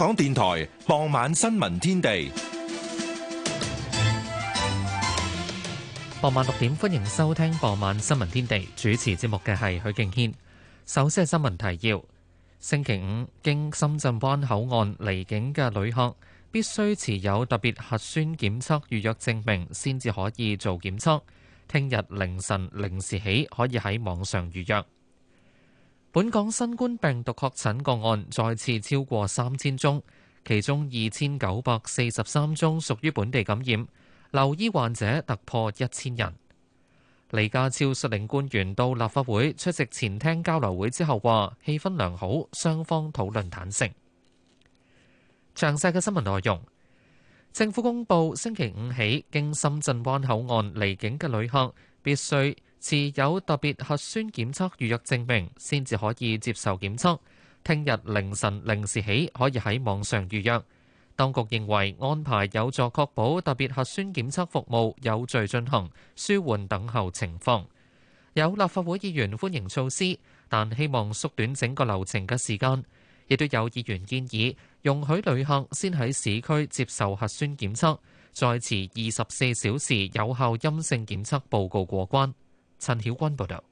香港電台傍晚新聞天地，傍晚六點，歡迎收聽傍晚新聞天地。主持節目嘅係許敬軒。首先係新聞提要：星期五經深圳灣口岸離境嘅旅客，必須持有特別核酸檢測預約證明，先至可以做檢測。聽日凌晨零時起，可以喺網上預約。本港新冠病毒確診個案再次超過三千宗，其中二千九百四十三宗屬於本地感染，留醫患者突破一千人。李家超率領官員到立法會出席前廳交流會之後，話氣氛良好，雙方討論坦誠。詳細嘅新聞內容，政府公布星期五起經深圳灣口岸離境嘅旅客必須。持有特別核酸檢測預約證明，先至可以接受檢測。聽日凌晨零時起可以喺網上預約。當局認為安排有助確保特別核酸檢測服務有序進行，舒緩等候情況。有立法會議員歡迎措施，但希望縮短整個流程嘅時間。亦都有議員建議容許旅客先喺市區接受核酸檢測，再持二十四小時有效陰性檢測報告過關。陳曉君報道。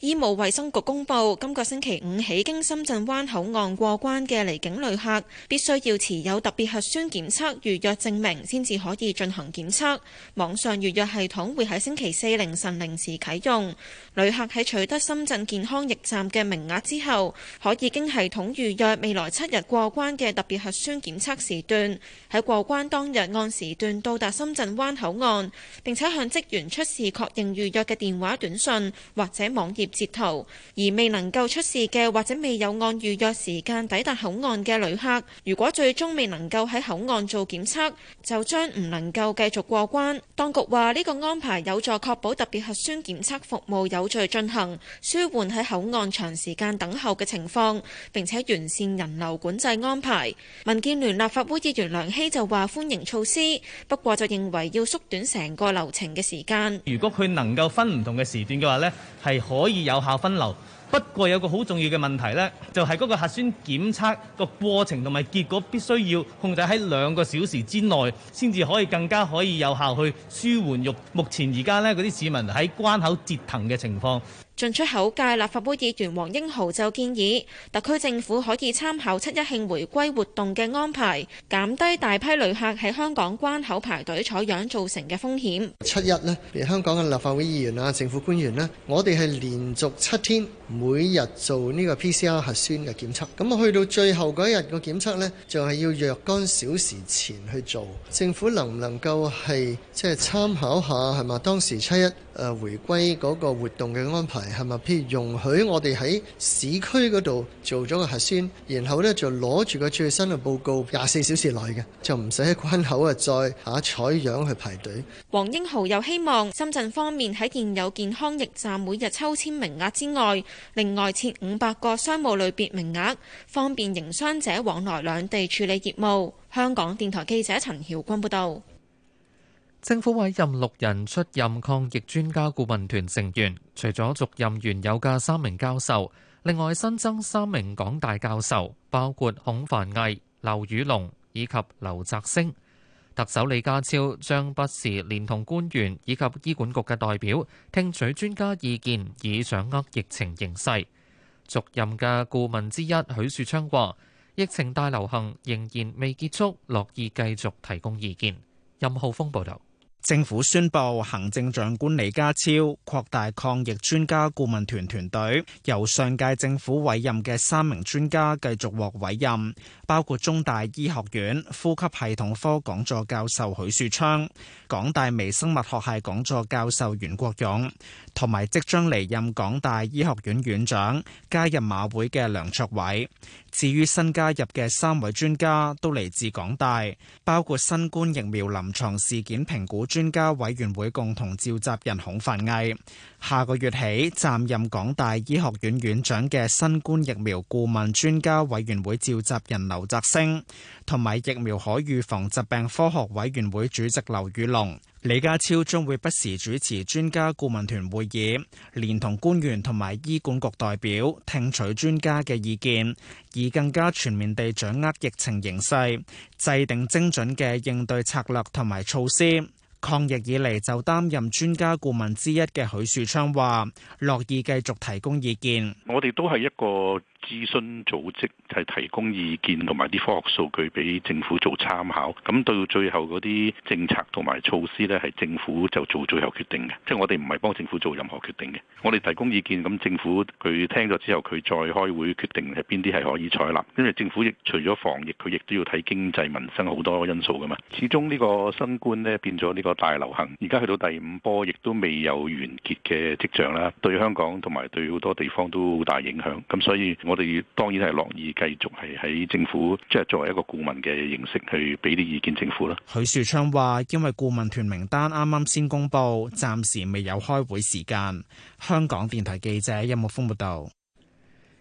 醫務衛生局公布，今個星期五起，經深圳灣口岸過關嘅離境旅客，必須要持有特別核酸檢測預約證明，先至可以進行檢測。網上預約系統會喺星期四凌晨零時啟用。旅客喺取得深圳健康驛站嘅名額之後，可以經系統預約未來七日過關嘅特別核酸檢測時段。喺過關當日按時段到達深圳灣口岸，並且向職員出示確認預約嘅電話短信或者網頁。截圖。而未能夠出示嘅，或者未有按預約時間抵達口岸嘅旅客，如果最終未能夠喺口岸做檢測，就將唔能夠繼續過關。當局話呢個安排有助確保特別核酸檢測服務有序進行，舒緩喺口岸長時間等候嘅情況，並且完善人流管制安排。民建聯立法會議員梁希就話歡迎措施，不過就認為要縮短成個流程嘅時間。如果佢能夠分唔同嘅時段嘅話咧，係可以。有效分流。不過有個好重要嘅問題咧，就係嗰個核酸檢測個過程同埋結果必須要控制喺兩個小時之內先至可以更加可以有效去舒緩目前而家咧嗰啲市民喺關口折騰嘅情況。進出口界立法會議員黃英豪就建議，特區政府可以參考七一慶回歸活動嘅安排，減低大批旅客喺香港關口排隊採樣造成嘅風險。七一呢，香港嘅立法會議員啊，政府官員呢，我哋係連續七天每日做呢個 PCR 核酸嘅檢測，咁啊去到最後嗰一日個檢測呢，就係、是、要若干小時前去做。政府能唔能夠係即係參考下係嘛？當時七一。誒回歸嗰個活動嘅安排係咪？是是譬如容許我哋喺市區嗰度做咗個核酸，然後呢就攞住個最新嘅報告，廿四小時內嘅就唔使喺關口啊再下採樣去排隊。黃英豪又希望深圳方面喺現有健康驛站每日抽簽名額之外，另外設五百個商務類別名額，方便營商者往來兩地處理業務。香港電台記者陳曉君報道。政府委任六人出任抗疫專家顧問團成員，除咗續任原有嘅三名教授，另外新增三名港大教授，包括孔凡毅、劉宇龍以及劉澤星。特首李家超將不時連同官員以及醫管局嘅代表聽取專家意見，以掌握疫情形勢。續任嘅顧問之一許樹昌話，疫情大流行仍然未結束，樂意繼續提供意見。任浩峰報道。政府宣布，行政長官李家超擴大抗疫專家顧問團團隊，由上屆政府委任嘅三名專家繼續獲委任，包括中大醫學院呼吸系統科講座教授許樹昌、港大微生物學系講座教授袁國勇。同埋，即將離任港大醫學院院長、加入馬會嘅梁卓偉。至於新加入嘅三位專家，都嚟自港大，包括新冠疫苗臨床事件評估專家委員會共同召集人孔繁毅。下個月起，暫任港大醫學院院長嘅新冠疫苗顧問專家委員會召集人劉澤星，同埋疫苗可預防疾病科學委員會主席劉宇龍、李家超將會不時主持專家顧問團會議，連同官員同埋醫管局代表聽取專家嘅意見，以更加全面地掌握疫情形勢，制定精準嘅應對策略同埋措施。抗疫以嚟就擔任專家顧問之一嘅許樹昌話樂意繼續提供意見，我哋都係一個諮詢組織，係、就是、提供意見同埋啲科學數據俾政府做參考。咁到最後嗰啲政策同埋措施咧，係政府就做最後決定嘅。即係我哋唔係幫政府做任何決定嘅。我哋提供意見，咁政府佢聽咗之後，佢再開會決定係邊啲係可以採納，因為政府亦除咗防疫，佢亦都要睇經濟民生好多因素噶嘛。始終呢個新冠咧變咗呢、呢個。大流行，而家去到第五波，亦都未有完結嘅跡象啦。對香港同埋對好多地方都好大影響。咁所以，我哋當然係樂意繼續係喺政府，即係作為一個顧問嘅形式去俾啲意見政府啦。許樹昌話，因為顧問團名單啱啱先公布，暫時未有開會時間。香港電台記者任木峰報道。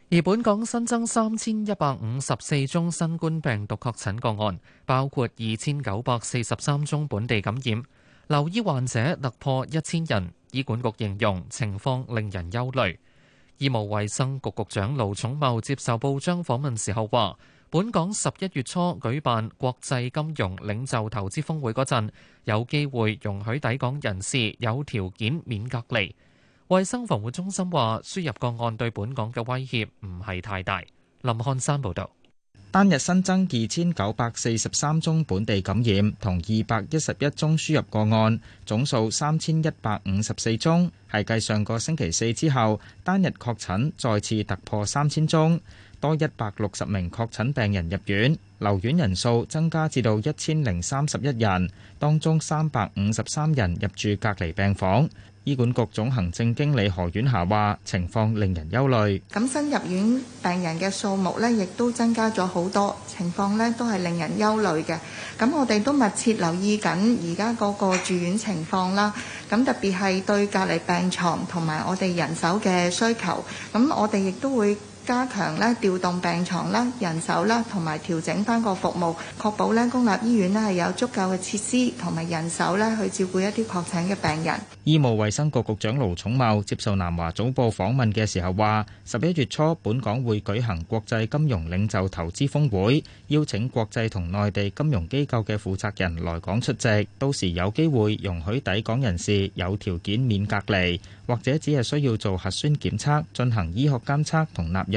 而本港新增三千一百五十四宗新冠病毒確診個案，包括二千九百四十三宗本地感染，留醫患者突破一千人。醫管局形容情況令人憂慮。醫務衛生局局長盧寵茂接受報章訪問時候話，本港十一月初舉辦國際金融領袖投資峰會嗰陣，有機會容許抵港人士有條件免隔離。衛生防護中心話，輸入個案對本港嘅威脅唔係太大。林漢山報道，單日新增二千九百四十三宗本地感染，同二百一十一宗輸入個案，總數三千一百五十四宗，係繼上個星期四之後，單日確診再次突破三千宗，多一百六十名確診病人入院，留院人數增加至到一千零三十一人，當中三百五十三人入住隔離病房。醫管局總行政經理何婉霞話：情況令人憂慮。咁新入院病人嘅數目呢，亦都增加咗好多，情況呢都係令人憂慮嘅。咁我哋都密切留意緊而家嗰個住院情況啦。咁特別係對隔離病牀同埋我哋人手嘅需求。咁我哋亦都會。加強咧，調動病牀啦、人手啦，同埋調整翻個服務，確保咧公立醫院咧係有足夠嘅設施同埋人手咧去照顧一啲確診嘅病人。醫務衛生局局長盧寵茂接受南華早報訪問嘅時候話：十一月初本港會舉行國際金融領袖投資峯會，邀請國際同內地金融機構嘅負責人來港出席，到時有機會容許抵港人士有條件免隔離，或者只係需要做核酸檢測、進行醫學監測同納入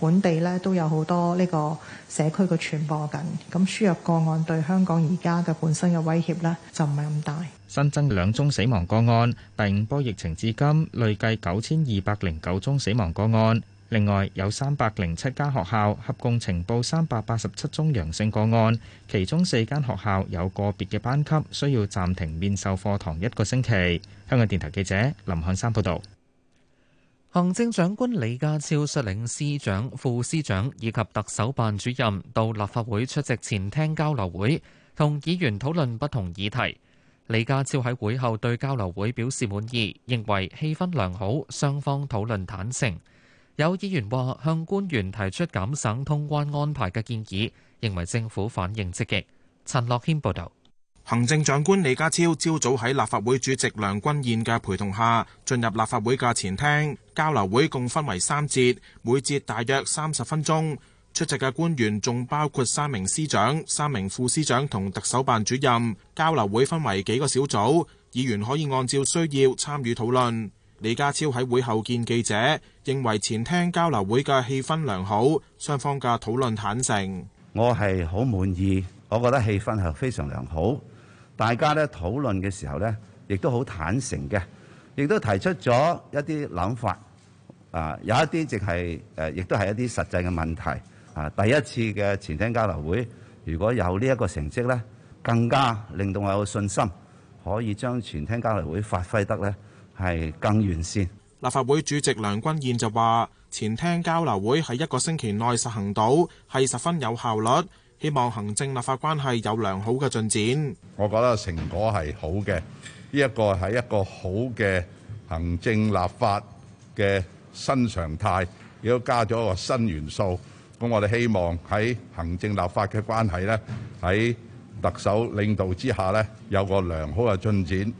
本地咧都有好多呢個社區嘅傳播緊，咁輸入個案對香港而家嘅本身嘅威脅呢，就唔係咁大。新增兩宗死亡個案，第五波疫情至今累計九千二百零九宗死亡個案。另外有三百零七間學校合共呈報三百八十七宗陽性個案，其中四間學校有個別嘅班級需要暫停面授課堂一個星期。香港電台記者林漢山報導。行政長官李家超率領司長、副司長以及特首辦主任到立法會出席前廳交流會，同議員討論不同議題。李家超喺會後對交流會表示滿意，認為氣氛良好，雙方討論坦誠。有議員話向官員提出減省通關安排嘅建議，認為政府反應積極。陳樂謙報道。行政長官李家超朝早喺立法會主席梁君彥嘅陪同下，進入立法會嘅前廳。交流會共分為三節，每節大約三十分鐘。出席嘅官員仲包括三名司長、三名副司長同特首辦主任。交流會分為幾個小組，議員可以按照需要參與討論。李家超喺會後見記者，認為前廳交流會嘅氣氛良好，雙方嘅討論坦誠。我係好滿意，我覺得氣氛係非常良好。大家咧討論嘅時候呢，亦都好坦誠嘅，亦都提出咗一啲諗法，啊有一啲即係誒，啊，亦都係一啲實際嘅問題。啊，第一次嘅前廳交流會，如果有呢一個成績呢，更加令到我有信心，可以將前廳交流會發揮得呢係更完善。立法會主席梁君彥就話：前廳交流會喺一個星期內實行到，係十分有效率。希望行政立法關係有良好嘅進展，我覺得成果係好嘅，呢一個係一個好嘅行政立法嘅新常態，亦都加咗一個新元素。咁我哋希望喺行政立法嘅關係呢，喺特首領導之下呢，有個良好嘅進展。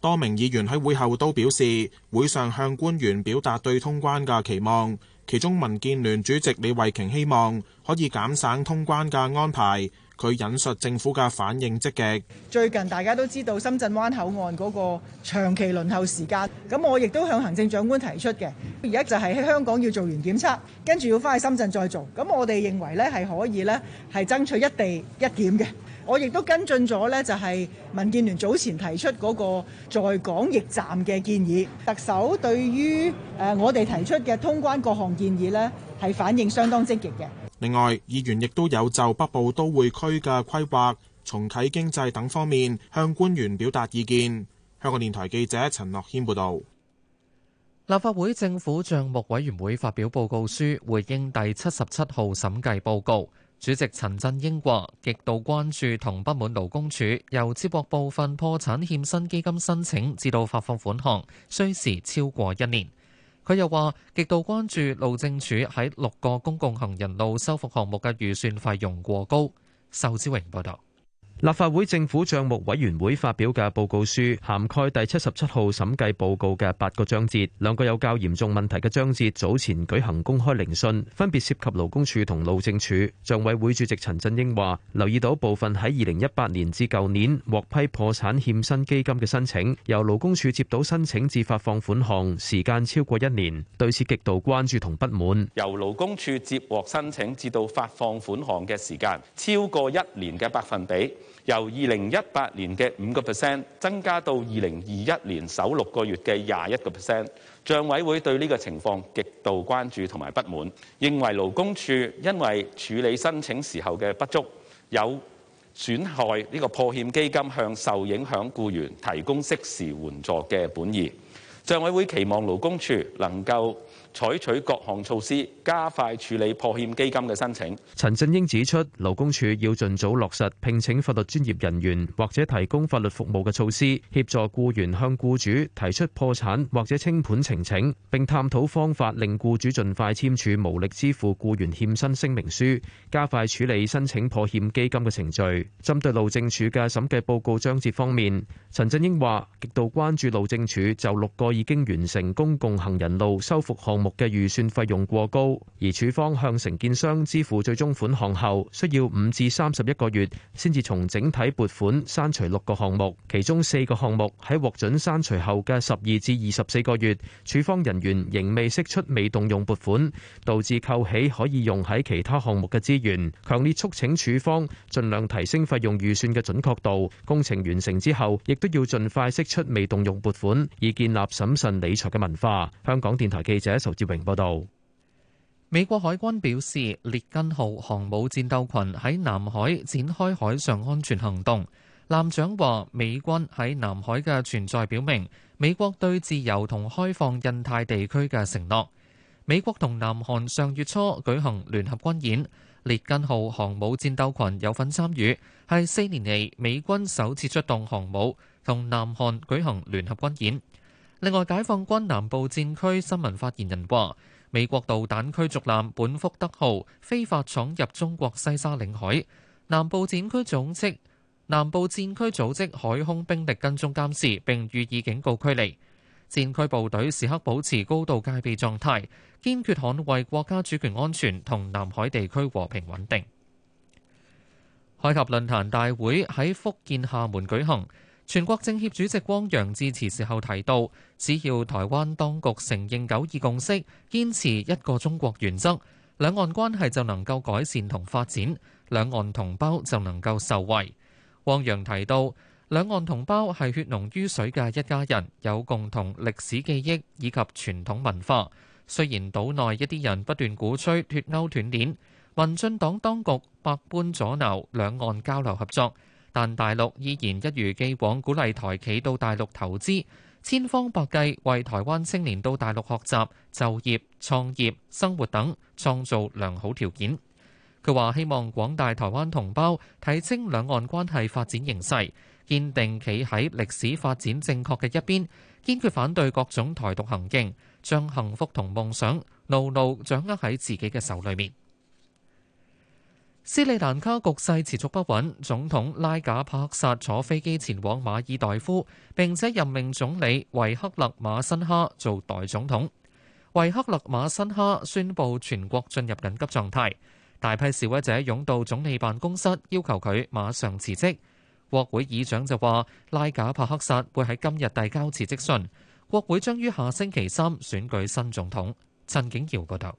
多名議員喺會後都表示，會上向官員表達對通關嘅期望。其中，民建聯主席李慧瓊希望可以減省通關嘅安排。佢引述政府嘅反應積極。最近大家都知道深圳灣口岸嗰個長期輪候時間，咁我亦都向行政長官提出嘅。而家就係喺香港要做完檢測，跟住要翻去深圳再做。咁我哋認為咧係可以咧係爭取一地一檢嘅。我亦都跟進咗呢，就係民建聯早前提出嗰個在港驛站嘅建議，特首對於誒我哋提出嘅通關各項建議呢係反應相當積極嘅。另外，議員亦都有就北部都會區嘅規劃、重啟經濟等方面向官員表達意見。香港電台記者陳樂軒報導。立法會政府帳目委員會發表報告書，回應第七十七號審計報告。主席陳振英話：極度關注同不滿勞工處由接獲部分破產欠薪基金申請至到發放款項，需時超過一年。佢又話：極度關注路政署喺六個公共行人路修復項目嘅預算費用過高。仇志榮報道。立法會政府賬目委員會發表嘅報告書涵蓋第七十七號審計報告嘅八個章節，兩個有較嚴重問題嘅章節早前舉行公開聆訊，分別涉及勞工處同路政處。賬委會主席陳振英話：留意到部分喺二零一八年至舊年獲批破產欠薪基金嘅申請，由勞工處接到申請至發放款項時間超過一年，對此極度關注同不滿。由勞工處接獲申請至到發放款項嘅時間超過一年嘅百分比。由二零一八年嘅五個 percent 增加到二零二一年首六個月嘅廿一個 percent，帳委會對呢個情況極度關注同埋不滿，認為勞工處因為處理申請時候嘅不足，有損害呢個破欠基金向受影響雇員提供適時援助嘅本意。帳委會期望勞工處能夠，採取各項措施，加快處理破欠基金嘅申請，陳振英指出，勞工處要盡早落實聘請法律專業人員或者提供法律服務嘅措施，協助雇員向雇主提出破產或者清盤呈請，並探討方法令雇主盡快簽署無力支付雇員欠薪聲明書，加快處理申請破欠基金嘅程序。針對路政署嘅審計報告章節方面，陳振英話極度關注路政署就六個已經完成公共行人路修復項目，目嘅預算費用過高，而處方向承建商支付最終款項後，需要五至三十一個月先至從整體撥款刪除六個項目，其中四個項目喺獲准刪除後嘅十二至二十四個月，處方人員仍未釋出未動用撥款，導致扣起可以用喺其他項目嘅資源。強烈促請處方盡量提升費用預算嘅準確度，工程完成之後亦都要盡快釋出未動用撥款，以建立審慎理財嘅文化。香港電台記者葉榮報道，美國海軍表示，列根號航母戰鬥群喺南海展開海上安全行動。艦長話，美軍喺南海嘅存在，表明美國對自由同開放印太地區嘅承諾。美國同南韓上月初舉行聯合軍演，列根號航母戰鬥群有份參與，係四年嚟美軍首次出動航母同南韓舉行聯合軍演。另外，解放軍南部戰區新聞發言人話：美國導彈驅逐艦「本福德號」非法闖入中國西沙領海，南部戰區組織南部戰區組織海空兵力跟蹤監視，並予以警告驅離。戰區部隊時刻保持高度戒備狀態，堅決捍衛國家主權安全同南海地區和平穩定。海峽論壇大會喺福建廈門舉行。全國政協主席汪洋致辭時候提到，只要台灣當局承認九二共識，堅持一個中國原則，兩岸關係就能夠改善同發展，兩岸同胞就能夠受惠。汪洋提到，兩岸同胞係血濃於水嘅一家人，有共同歷史記憶以及傳統文化。雖然島內一啲人不斷鼓吹脫勾斷鏈，民進黨當局百般阻撓兩岸交流合作。但大陸依然一如既往鼓勵台企到大陸投資，千方百計為台灣青年到大陸學習、就業、創業、生活等創造良好條件。佢話：希望廣大台灣同胞睇清兩岸關係發展形勢，堅定企喺歷史發展正確嘅一邊，堅決反對各種台獨行徑，將幸福同夢想牢牢掌握喺自己嘅手裏面。斯里蘭卡局勢持續不穩，總統拉賈帕克薩坐飛機前往馬爾代夫，並且任命總理維克勒馬辛哈做代總統。維克勒馬辛哈宣布全國進入緊急狀態，大批示威者湧到總理辦公室要求佢馬上辭職。國會議長就話，拉賈帕克薩會喺今日遞交辭職信，國會將於下星期三選舉新總統。陳景耀嗰度。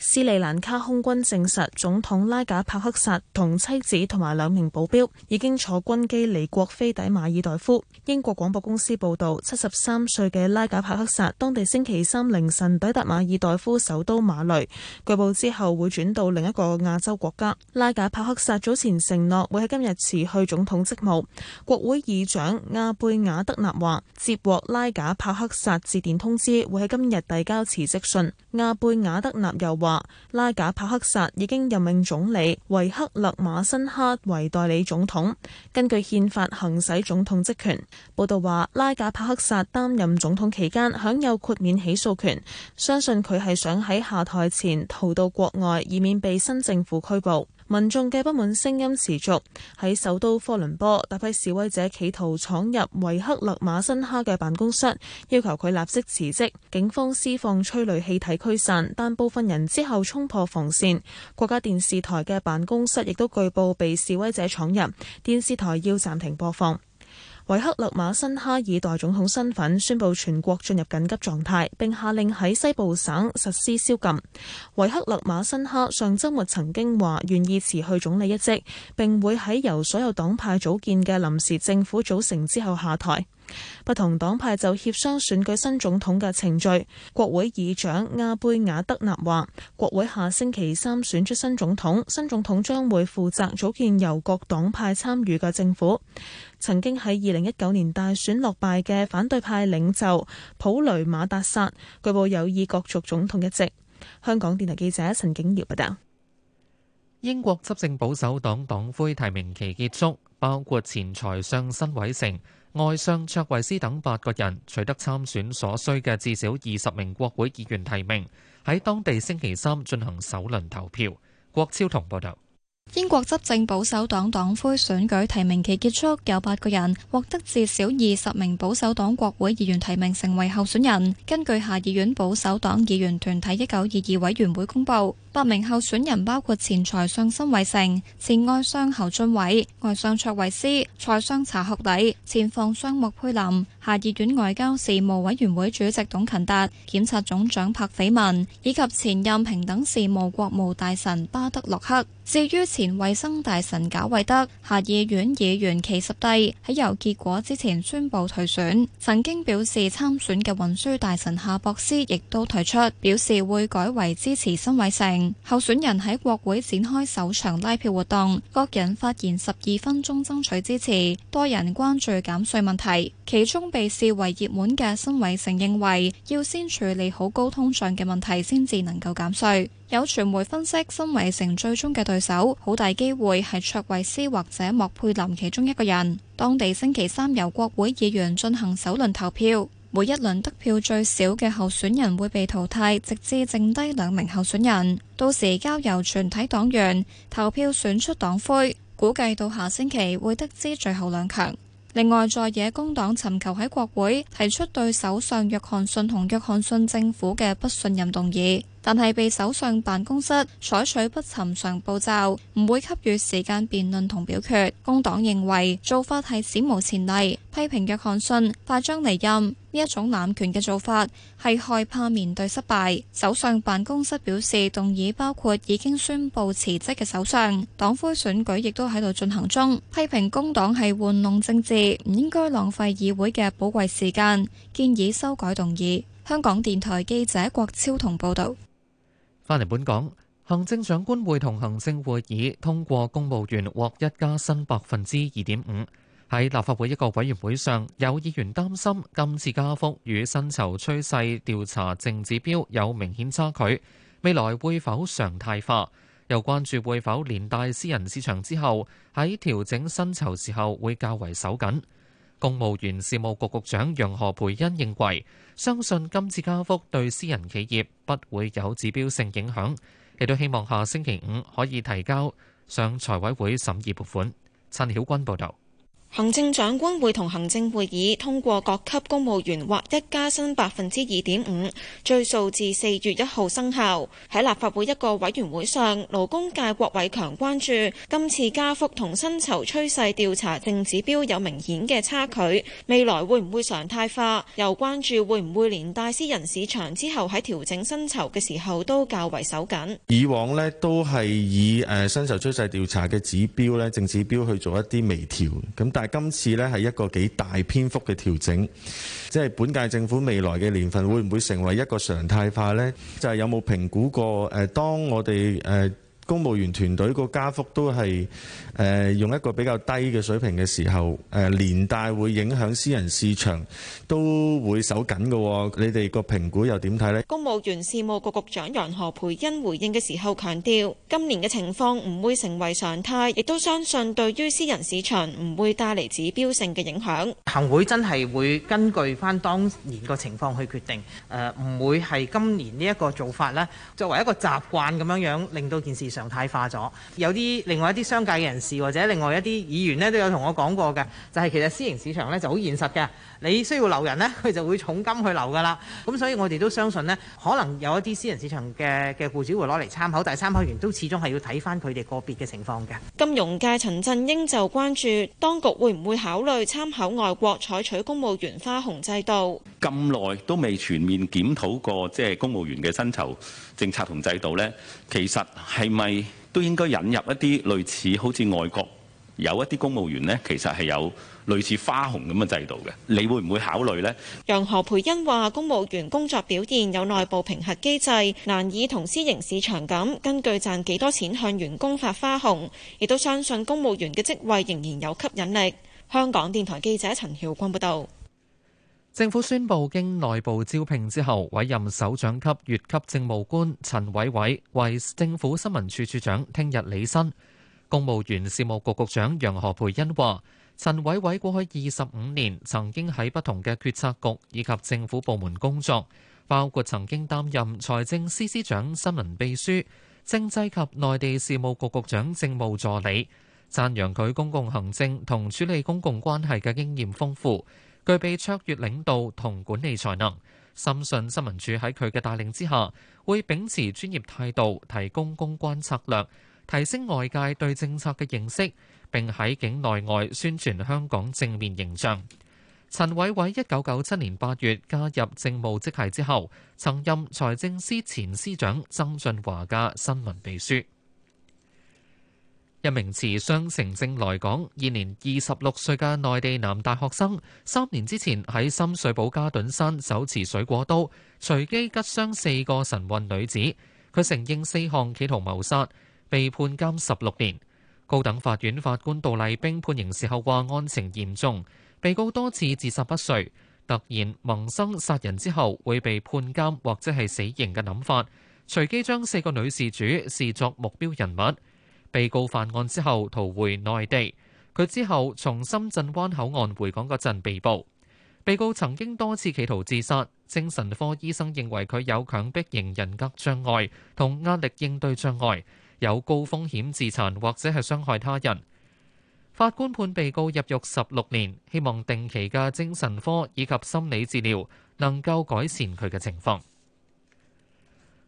斯里蘭卡空軍證實，總統拉賈帕克薩同妻子同埋兩名保鏢已經坐軍機離國飛抵馬爾代夫。英國廣播公司報導，七十三歲嘅拉賈帕克薩當地星期三凌晨抵達馬爾代夫首都馬累。據報之後會轉到另一個亞洲國家。拉賈帕克薩早前承諾會喺今日辭去總統職務。國會議長阿貝瓦德納話：接獲拉賈帕克薩致電通通知會喺今日遞交辭職信。阿貝瓦德納又話。話拉賈帕克薩已經任命總理維克勒馬辛哈為代理總統，根據憲法行使總統職權。報道話，拉賈帕克薩擔任總統期間享有豁免起訴權，相信佢係想喺下台前逃到國外，以免被新政府拘捕。民眾嘅不滿聲音持續喺首都科倫坡，大批示威者企圖闖入維克勒馬辛哈嘅辦公室，要求佢立即辭職。警方施放催淚氣體驅散，但部分人之後衝破防線。國家電視台嘅辦公室亦都據報被示威者闖入，電視台要暫停播放。維克勒馬辛哈以代總統身份宣布全國進入緊急狀態，並下令喺西部省實施宵禁。維克勒馬辛哈上周末曾經話願意辭去總理一職，並會喺由所有黨派組建嘅臨時政府組成之後下台。不同黨派就協商選舉新總統嘅程序。國會議長阿貝亞德納話，國會下星期三選出新總統，新總統將會負責組建由各黨派參與嘅政府。曾經喺二零一九年大選落敗嘅反對派領袖普雷馬達薩，據報有意角逐總統一職。香港電台記者陳景瑤報道。英國執政保守黨黨魁提名期結束，包括前財相辛偉誠、外相卓慧思等八個人取得參選所需嘅至少二十名國會議員提名，喺當地星期三進行首輪投票。郭超同報道。英國執政保守黨黨魁選舉提名期結束，有八個人獲得至少二十名保守黨國會議員提名成為候選人。根據下議院保守黨議員團體一九二二委員會公佈，八名候選人包括前財相辛偉誠、前外相侯俊偉、外相卓慧思、財相查克禮、前防相莫佩林、下議院外交事務委員會主席董勤達、檢察總長柏斐文以及前任平等事務國務大臣巴德洛克。至於前衛生大臣賈偉德，下議院議員其實弟喺有結果之前宣布退選。曾經表示參選嘅運輸大臣夏博斯亦都退出，表示會改為支持辛偉誠候選人喺國會展開首場拉票活動，各人發言十二分鐘，爭取支持。多人關注減稅問題。其中被視為熱門嘅辛偉誠認為，要先處理好高通脹嘅問題，先至能夠減稅。有傳媒分析，辛偉誠最終嘅對手，好大機會係卓慧思或者莫佩林其中一個人。當地星期三由國會議員進行首輪投票，每一輪得票最少嘅候選人會被淘汰，直至剩低兩名候選人。到時交由全體黨員投票選出黨魁，估計到下星期會得知最後兩強。另外，在野工黨尋求喺國會提出對首相約翰遜同約翰遜政府嘅不信任動議。但係被首相辦公室採取不尋常步驟，唔會給予時間辯論同表決。工黨認為做法係史無前例，批評約翰遜快將離任呢一種濫權嘅做法，係害怕面對失敗。首相辦公室表示動議包括已經宣布辭職嘅首相黨魁選舉亦都喺度進行中，批評工黨係玩弄政治，唔應該浪費議會嘅寶貴時間，建議修改動議。香港電台記者郭超同報道。翻嚟本港，行政長官會同行政會議通過公務員獲一加薪百分之二點五。喺立法會一個委員會上，有議員擔心今次加幅與薪酬趨勢調查淨指標有明顯差距，未來會否常態化？又關注會否連帶私人市場之後喺調整薪酬時候會較為手緊。公務員事務局局長楊何培恩認為，相信今次加幅對私人企業不會有指標性影響，亦都希望下星期五可以提交上財委會審議撥款。陳曉君報導。行政長官會同行政會議通過各級公務員獲一加薪百分之二點五，追數至四月一號生效。喺立法會一個委員會上，勞工界郭偉強關注今次加幅同薪酬趨勢調查正指標有明顯嘅差距，未來會唔會常態化？又關注會唔會連帶私人市場之後喺調整薪酬嘅時候都較為手緊？以往呢都係以誒薪酬趨勢調查嘅指標呢正指標去做一啲微調咁。但係今次呢，係一個幾大篇幅嘅調整，即係本屆政府未來嘅年份會唔會成為一個常態化呢？就係、是、有冇評估過？誒、呃，當我哋誒。呃公務員團隊個加幅都係誒用一個比較低嘅水平嘅時候，誒連帶會影響私人市場，都會守緊嘅。你哋個評估又點睇咧？公務員事務局局長楊何蓓茵回應嘅時候強調，今年嘅情況唔會成為常態，亦都相信對於私人市場唔會帶嚟指標性嘅影響。行會真係會根據翻當年個情況去決定，誒唔會係今年呢一個做法咧，作為一個習慣咁樣樣令到件事。常態化咗，有啲另外一啲商界嘅人士或者另外一啲議員咧都有同我講過嘅，就係其實私營市場咧就好現實嘅。你需要留人呢，佢就會重金去留噶啦。咁所以我哋都相信呢，可能有一啲私人市場嘅嘅僱主會攞嚟參考，但係參考完都始終係要睇翻佢哋個別嘅情況嘅。金融界陳振英就關注，當局會唔會考慮參考外國採取公務員花紅制度？咁耐都未全面檢討過，即係公務員嘅薪酬政策同制度呢，其實，係咪都應該引入一啲類似好似外國有一啲公務員呢，其實，係有？類似花紅咁嘅制度嘅，你會唔會考慮呢？楊何培恩話，公務員工作表現有內部評核機制，難以同私營市場咁根據賺幾多錢向員工發花紅。亦都相信公務員嘅職位仍然有吸引力。香港電台記者陳曉君報道，政府宣布經內部招聘之後委任首長級越級政務官陳偉偉為政府新聞處處長，聽日履新，公務員事務局局長楊何培恩話。陳偉偉過去二十五年曾經喺不同嘅決策局以及政府部門工作，包括曾經擔任財政司司長、新聞秘書、政制及內地事務局局長、政務助理。讚揚佢公共行政同處理公共關係嘅經驗豐富，具備卓越領導同管理才能。深信新聞處喺佢嘅帶領之下，會秉持專業態度，提供公關策略，提升外界對政策嘅認識。並喺境內外宣傳香港正面形象。陳偉偉一九九七年八月加入政務職系之後，曾任財政司前司長曾俊華嘅新聞秘書。一名持雙程證來港、現年二十六歲嘅內地男大學生，三年之前喺深水埗嘉頓山手持水果刀，隨機拮傷四個晨運女子。佢承認四項企圖謀殺，被判監十六年。高等法院法官杜麗冰判刑時候話：案情嚴重，被告多次自殺不遂，突然萌生殺人之後會被判監或者係死刑嘅諗法，隨機將四個女事主視作目標人物。被告犯案之後逃回內地，佢之後從深圳灣口岸回港嗰陣被捕。被告曾經多次企圖自殺，精神科醫生認為佢有強迫型人格障礙同壓力應對障礙，有高風險自殘或者係傷害他人，法官判被告入獄十六年，希望定期嘅精神科以及心理治療能夠改善佢嘅情況。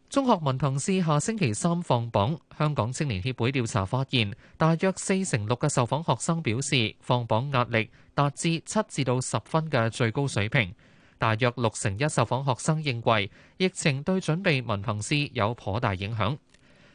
中學文憑試下星期三放榜，香港青年協會調查發現，大約四成六嘅受訪學生表示放榜壓力達至七至到十分嘅最高水平，大約六成一受訪學生認為疫情對準備文憑試有頗大影響。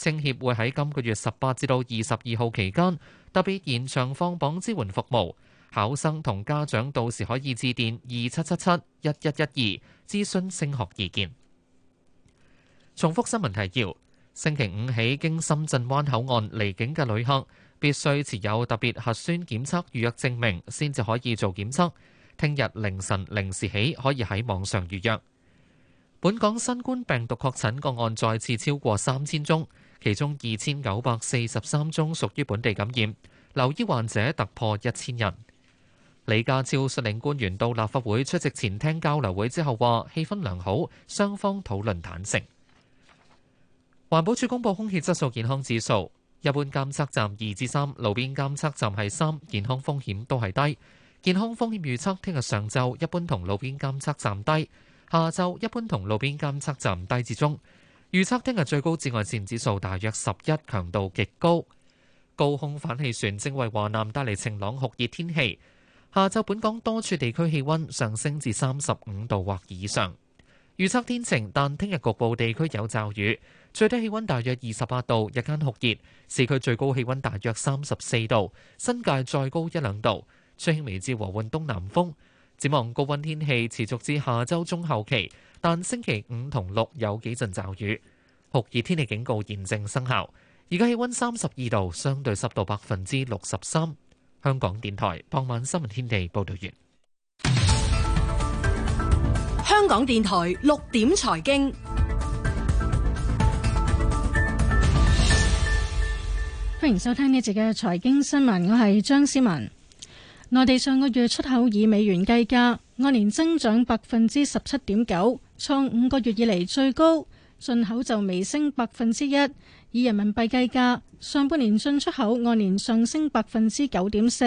青協會喺今個月十八至到二十二號期間特別延長放榜支援服務，考生同家長到時可以致電二七七七一一一二諮詢升學意見。重複新聞提要：星期五起經深圳灣口岸離境嘅旅客必須持有特別核酸檢測預約證明，先至可以做檢測。聽日凌晨零時起可以喺網上預約。本港新冠病毒確診個案再次超過三千宗。其中二千九百四十三宗屬於本地感染，留醫患者突破一千人。李家超率領官員到立法會出席前廳交流會之後，話氣氛良好，雙方討論坦誠。環保署公布空氣質素健康指數，一般監測站二至三，3，路邊監測站係三，健康風險都係低。健康風險預測聽日上晝一般同路邊監測站低，下晝一般同路邊監測站低至中。預測聽日最高紫外線指數大約十一，強度極高。高空反氣旋正為華南帶嚟晴朗酷熱天氣，下晝本港多處地區氣溫上升至三十五度或以上。預測天晴，但聽日局部地區有驟雨。最低氣溫大約二十八度，日間酷熱，市區最高氣溫大約三十四度，新界再高一兩度。吹輕微至和緩東南風。展望高溫天氣持續至下周中後期，但星期五同六有幾陣驟雨，酷熱天氣警告現正生效。而家氣溫三十二度，相對濕度百分之六十三。香港電台傍晚新聞天地報道完。香港電台六點財經，歡迎收聽呢節嘅財經新聞，我係張思文。內地上個月出口以美元計價，按年增長百分之十七點九，創五個月以嚟最高；進口就微升百分之一。以人民幣計價，上半年進出口按年上升百分之九點四，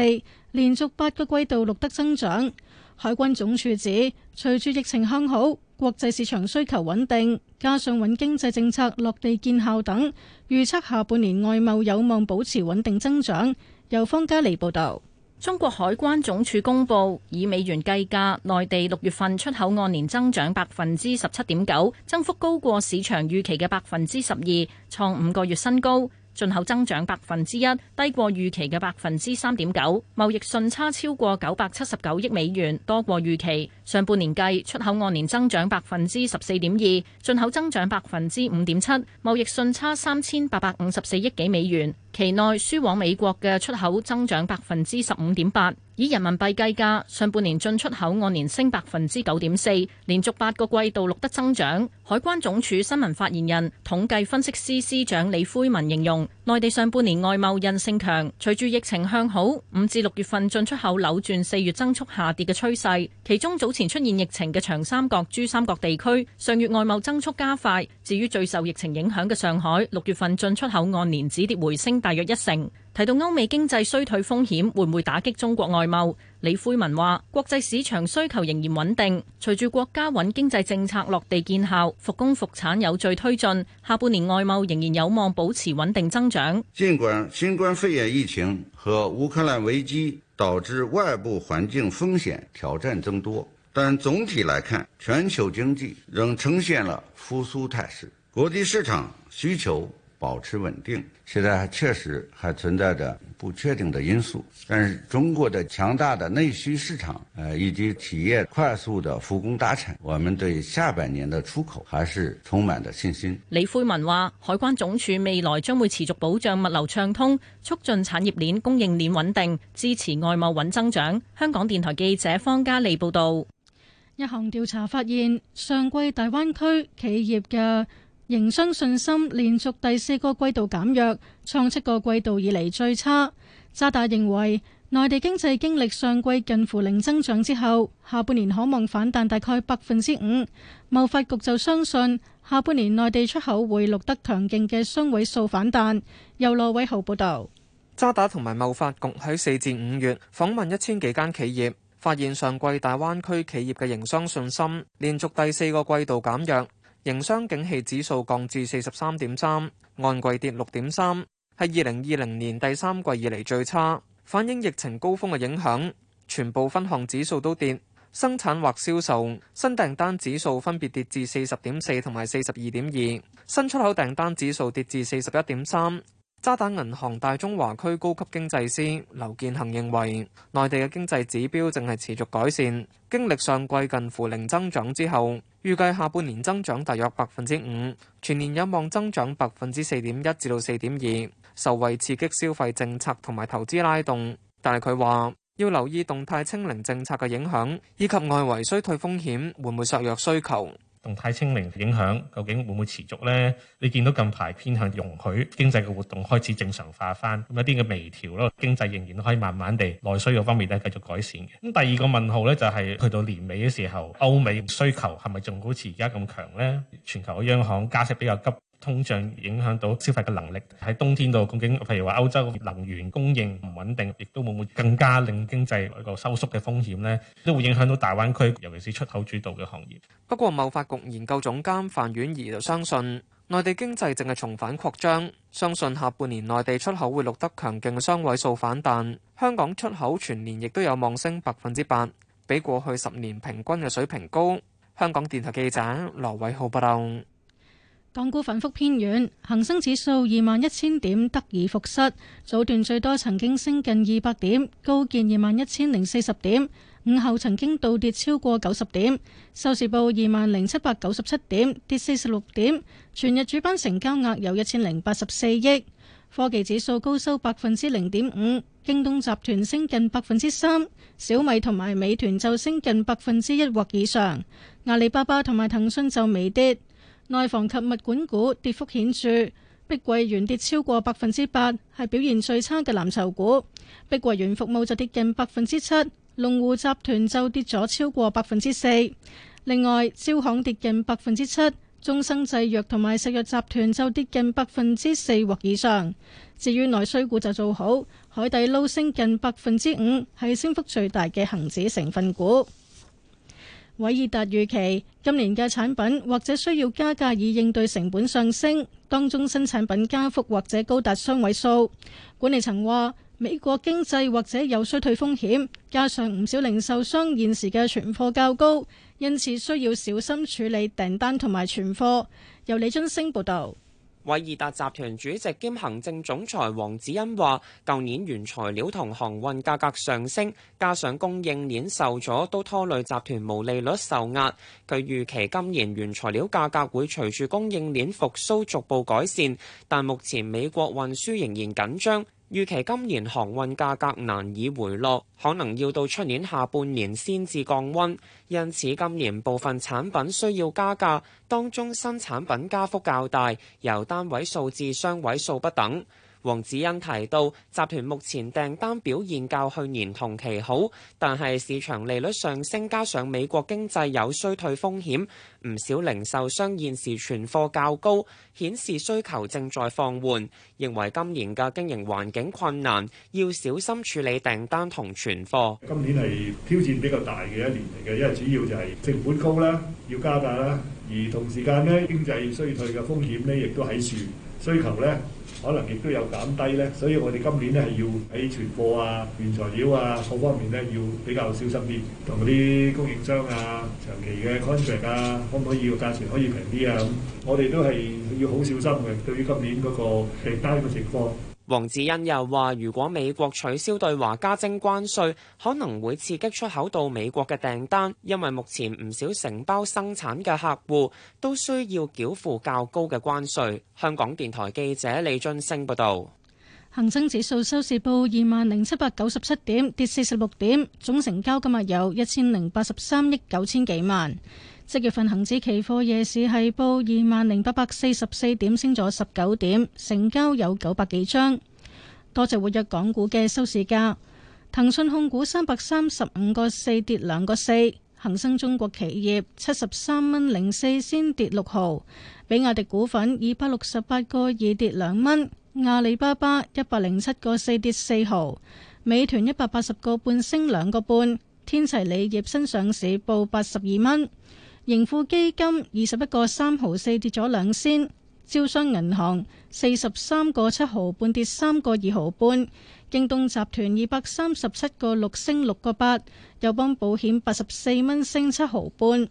連續八個季度錄得增長。海關總署指，隨住疫情向好，國際市場需求穩定，加上穩經濟政策落地見效等，預測下半年外貿有望保持穩定增長。由方嘉利報導。中國海關總署公布，以美元計價，內地六月份出口按年增長百分之十七點九，增幅高過市場預期嘅百分之十二，創五個月新高。進口增長百分之一，低過預期嘅百分之三點九。貿易順差超過九百七十九億美元，多過預期。上半年計，出口按年增長百分之十四點二，進口增長百分之五點七，貿易順差三千八百五十四億幾美元。期內輸往美國嘅出口增長百分之十五點八。以人民幣計價，上半年進出口按年升百分之九點四，連續八個季度錄得增長。海關總署新聞發言人、統計分析司司長李魁文形容，內地上半年外貿韌性強，隨住疫情向好，五至六月份進出口扭轉四月增速下跌嘅趨勢。其中早前出現疫情嘅長三角、珠三角地區，上月外貿增速加快。至於最受疫情影響嘅上海，六月份進出口按年止跌回升，大約一成。提到歐美經濟衰退風險會唔會打擊中國外貿？李恢文話：國際市場需求仍然穩定，隨住國家穩經濟政策落地見效、復工復產有序推進，下半年外貿仍然有望保持穩定增長。儘管新冠肺炎疫情和烏克蘭危機導致外部環境風險挑戰增多，但總體來看，全球經濟仍呈現了復甦態勢，國際市場需求，保持穩定，現在還確實還存在着不確定的因素，但是中國的強大的內需市場，呃，以及企業快速的復工達產，我們對下半年的出口還是充滿的信心。李慧文話，海關總署未來將會持續保障物流暢通，促進產業鏈供應鏈穩定，支持外貿穩增長。香港電台記者方嘉莉報道。一項調查發現，上季大灣區企業嘅。營商信心連續第四個季度減弱，創七個季度以嚟最差。渣打認為，內地經濟經歷上季近乎零增長之後，下半年可望反彈大概百分之五。貿發局就相信，下半年內地出口會錄得強勁嘅雙位數反彈。由羅偉豪報道，渣打同埋貿發局喺四至五月訪問一千幾間企業，發現上季大灣區企業嘅營商信心連續第四個季度減弱。營商景氣指數降至四十三點三，按季跌六點三，係二零二零年第三季以嚟最差，反映疫情高峰嘅影響。全部分項指數都跌，生產或銷售新訂單指數分別跌至四十點四同埋四十二點二，新出口訂單指數跌至四十一點三。渣打銀行大中華區高級經濟師劉建恒認為，內地嘅經濟指標正係持續改善，經歷上季近乎零增長之後，預計下半年增長大約百分之五，全年有望增長百分之四點一至到四點二，受惠刺激消費政策同埋投資拉動。但係佢話要留意動態清零政策嘅影響，以及外圍衰退風險會唔會削弱需求。動態清零影響究竟會唔會持續呢？你見到近排偏向容許經濟嘅活動開始正常化翻，咁一啲嘅微調咯，經濟仍然可以慢慢地內需嗰方面咧繼續改善嘅。咁第二個問號咧就係、是、去到年尾嘅時候，歐美需求係咪仲好似而家咁強呢？全球嘅央行加息比較急。通脹影響到消費嘅能力，喺冬天度究竟，譬如話歐洲能源供應唔穩定，亦都會唔會更加令經濟一個收縮嘅風險呢？都會影響到大灣區，尤其是出口主導嘅行業。不過，貿發局研究總監范婉儀就相信，內地經濟淨係重返擴張，相信下半年內地出口會錄得強勁嘅雙位數反彈。香港出口全年亦都有望升百分之八，比過去十年平均嘅水平高。香港電台記者羅偉浩報道。港股反覆偏軟，恒生指數二萬一千點得而復失，早段最多曾經升近二百點，高見二萬一千零四十點。午後曾經倒跌超過九十點，收市報二萬零七百九十七點，跌四十六點。全日主板成交額有一千零八十四億。科技指數高收百分之零點五，京東集團升近百分之三，小米同埋美團就升近百分之一或以上，阿里巴巴同埋騰訊就微跌。內房及物管股跌幅顯著，碧桂園跌超過百分之八，係表現最差嘅藍籌股。碧桂園服務就跌近百分之七，龍湖集團就跌咗超過百分之四。另外，招行跌近百分之七，中生製藥同埋石藥集團就跌近百分之四或以上。至於內需股就做好，海底撈升近百分之五，係升幅最大嘅恒指成分股。韋爾達預期今年嘅產品或者需要加價，以應對成本上升，當中新產品加幅或者高達雙位數。管理層話，美國經濟或者有衰退風險，加上唔少零售商現時嘅存貨較高，因此需要小心處理訂單同埋存貨。由李津升報道。偉爾達集團主席兼行政總裁黃子欣話，舊年原材料同航運價格上升，加上供應鏈受阻，都拖累集團毛利率受壓。佢預期今年原材料價格會隨住供應鏈復蘇逐步改善，但目前美國運輸仍然緊張。預期今年航運價格難以回落，可能要到出年下半年先至降溫。因此今年部分產品需要加價，當中新產品加幅較大，由單位數至雙位數不等。黃子欣提到，集團目前訂單表現較去年同期好，但係市場利率上升，加上美國經濟有衰退風險，唔少零售商現時存貨較高，顯示需求正在放緩，認為今年嘅經營環境困難，要小心處理訂單同存貨。今年係挑戰比較大嘅一年嚟嘅，因為主要就係成本高啦，要加大啦，而同時間咧經濟衰退嘅風險咧亦都喺處，需求咧。可能亦都有減低咧，所以我哋今年咧係要喺存貨啊、原材料啊各方面咧要比較小心啲，同啲供應商啊、長期嘅 contract 啊，可唔可以個價錢可以平啲啊？咁我哋都係要好小心嘅，對於今年嗰個訂單嘅情況。黃子欣又話，如果美國取消對華加徵關稅，可能會刺激出口到美國嘅訂單，因為目前唔少承包生產嘅客戶都需要繳付較高嘅關稅。香港電台記者李俊升報道，恒生指數收市報二萬零七百九十七點，跌四十六點，總成交金額有一千零八十三億九千幾萬。即月份恒指期貨夜市係報二萬零八百四十四點，升咗十九點，成交有九百幾張。多隻活躍港股嘅收市價：騰訊控股三百三十五個四跌兩個四，恒生中國企業七十三蚊零四先跌六毫，比亞迪股份二百六十八個二跌兩蚊，阿里巴巴一百零七個四跌四毫，美團一百八十個半升兩個半，天齊鋰業新上市報八十二蚊。盈富基金二十一個三毫四跌咗兩仙，招商銀行四十三個七毫半跌三個二毫半，京東集團二百三十七個六升六個八，友邦保險八十四蚊升七毫半。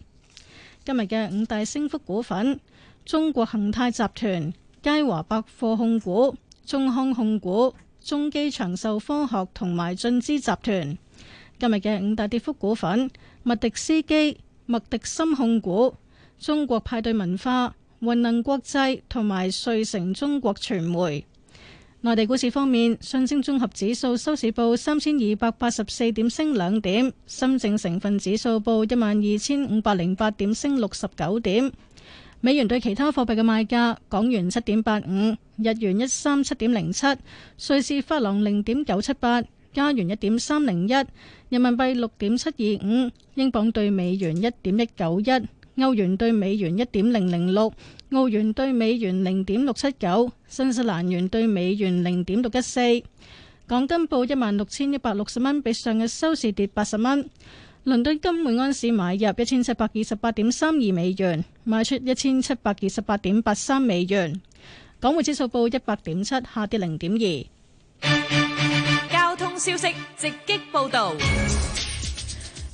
今日嘅五大升幅股份：中國恒泰集團、佳華百貨控股、中康控股、中基長壽科學同埋進資集團。今日嘅五大跌幅股份：麥迪斯基。麥迪森控股、中國派對文化，雲能國際同埋瑞成中國傳媒。內地股市方面，上證綜合指數收市報三千二百八十四點，升兩點；深證成分指數報一萬二千五百零八點，升六十九點。美元對其他貨幣嘅賣價：港元七點八五，日元一三七點零七，瑞士法郎零點九七八。加元一點三零一，人民幣六點七二五，英鎊對美元一點一九一，歐元對美元一點零零六，澳元對美元零點六七九，新西蘭元對美元零點六一四。港金報一萬六千一百六十蚊，比上日收市跌八十蚊。倫敦金每安士買入一千七百二十八點三二美元，賣出一千七百二十八點八三美元。港匯指數報一百點七，下跌零點二。消息直擊報道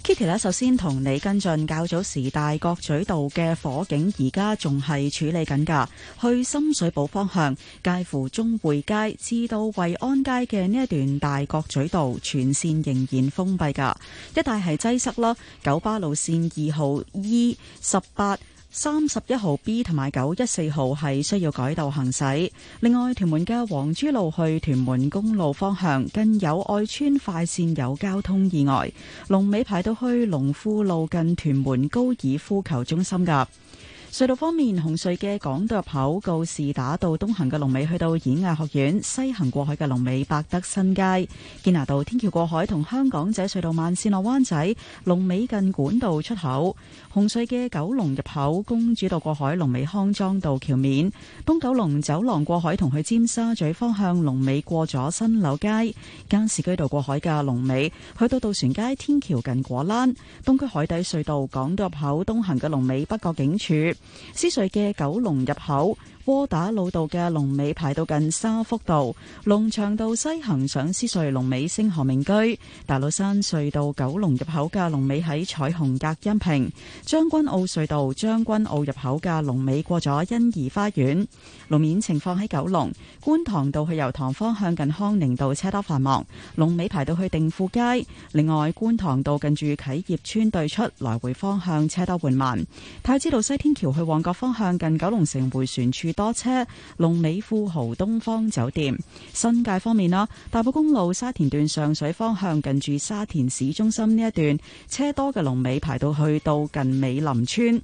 ，Kitty 咧，首先同你跟進較早時大角咀道嘅火警，而家仲係處理緊噶。去深水埗方向介乎中匯街至到惠安街嘅呢一段大角咀道，全線仍然封閉噶，一帶係擠塞啦。九巴路線二號 E 十八。三十一號 B 同埋九一四號係需要改道行駛。另外，屯門嘅黃珠路去屯門公路方向，近友愛村快綫有交通意外。龍尾排到去龍富路近屯門高爾夫球中心噶。隧道方面，紅隧嘅港島入口告士打道東行嘅龍尾去到演藝學院，西行過海嘅龍尾百德新街；堅拿道天橋過海同香港仔隧道慢線落灣仔龍尾近管道出口；紅隧嘅九龍入口公主道過海龍尾康莊道橋面，東九龍走廊過海同去尖沙咀方向龍尾過咗新柳街；加士居道過海嘅龍尾去到渡船街天橋近果欄；東區海底隧道港島入口東行嘅龍尾北角警署。西隧嘅九龍入口。窩打老道嘅龍尾排到近沙福道，龍翔道西行上獅隧龍尾星河名居，大老山隧道九龍入口嘅龍尾喺彩虹隔音屏，將軍澳隧道將軍澳入口嘅龍尾過咗欣怡花園，路面情況喺九龍觀塘道去油塘方向近康寧道車多繁忙，龍尾排到去定富街，另外觀塘道近住啟業邨對出來回方向車多緩慢，太子道西天橋去旺角方向近九龍城回旋處。多車，龍尾富豪東方酒店。新界方面啦，大埔公路沙田段上水方向近住沙田市中心呢一段車多嘅龍尾排到去到近美林村。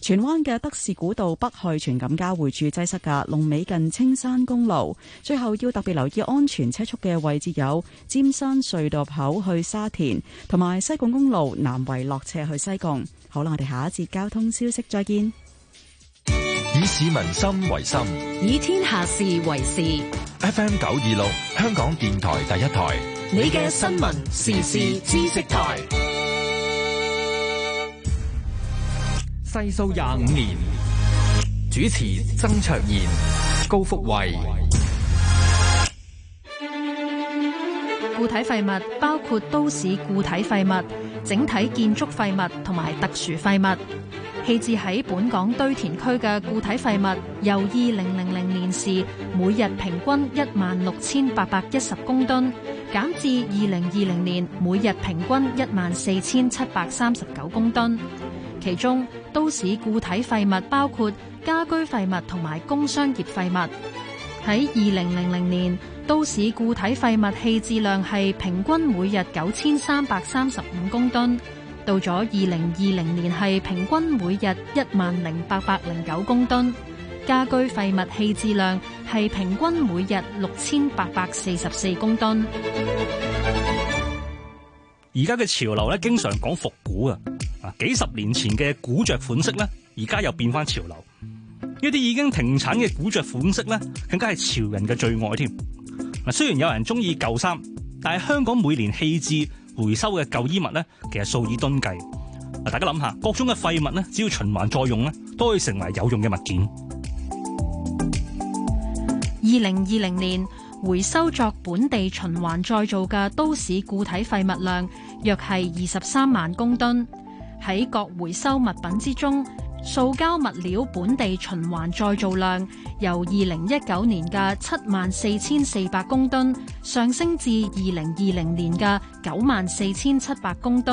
荃灣嘅德士古道北去荃錦交匯處擠塞噶，龍尾近青山公路。最後要特別留意安全車速嘅位置有尖山隧道口去沙田，同埋西貢公路南圍落斜去西貢。好啦，我哋下一節交通消息再見。以市民心為心，以天下事為事。FM 九二六，香港電台第一台，你嘅新聞時事知識台。細數廿五年，主持曾卓然、高福慧。固體廢物包括都市固體廢物、整體建築廢物同埋特殊廢物。棄置喺本港堆填區嘅固體廢物，由二零零零年時每日平均一萬六千八百一十公噸，減至二零二零年每日平均一萬四千七百三十九公噸。其中，都市固體廢物包括家居廢物同埋工商業廢物。喺二零零零年，都市固體廢物棄置量係平均每日九千三百三十五公噸。到咗二零二零年係平均每日一萬零八百零九公噸，家居廢物棄置量係平均每日六千八百四十四公噸。而家嘅潮流咧，經常講復古啊！啊，幾十年前嘅古着款式咧，而家又變翻潮流。呢啲已經停產嘅古着款式咧，更加係潮人嘅最愛添。嗱，雖然有人中意舊衫，但係香港每年棄置。回收嘅舊衣物呢，其實，數以噸計。大家諗下，各種嘅廢物呢，只要循環再用咧，都可以成為有用嘅物件。二零二零年回收作本地循環再造嘅都市固體廢物量約係二十三萬公噸。喺各回收物品之中，塑膠物料本地循環再造量由2019年嘅7萬4千4百公噸上升至2020年嘅9萬4千7百公噸。